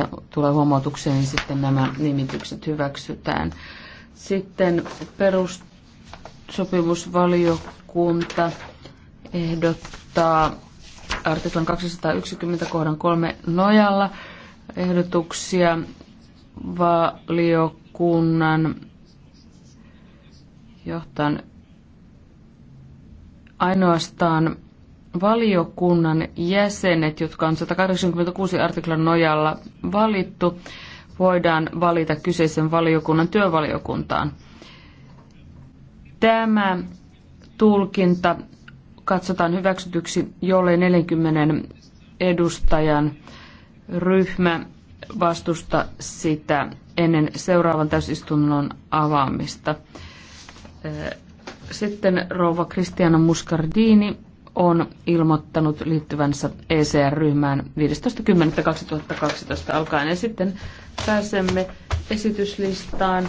missä tulee huomautukseen, niin sitten nämä nimitykset hyväksytään. Sitten perussopimusvaliokunta ehdottaa artiklan 290 kohdan 3 nojalla ehdotuksia valiokunnan johtajan ainoastaan valiokunnan jäsenet, jotka on 186 artiklan nojalla valittu, voidaan valita kyseisen valiokunnan työvaliokuntaan. Tämä tulkinta katsotaan hyväksytyksi, jolle 40 edustajan ryhmä vastusta sitä ennen seuraavan täysistunnon avaamista. Sitten rouva Kristiana Muscardini on ilmoittanut liittyvänsä ECR-ryhmään 15.10.2012 alkaen. Ja sitten pääsemme esityslistaan.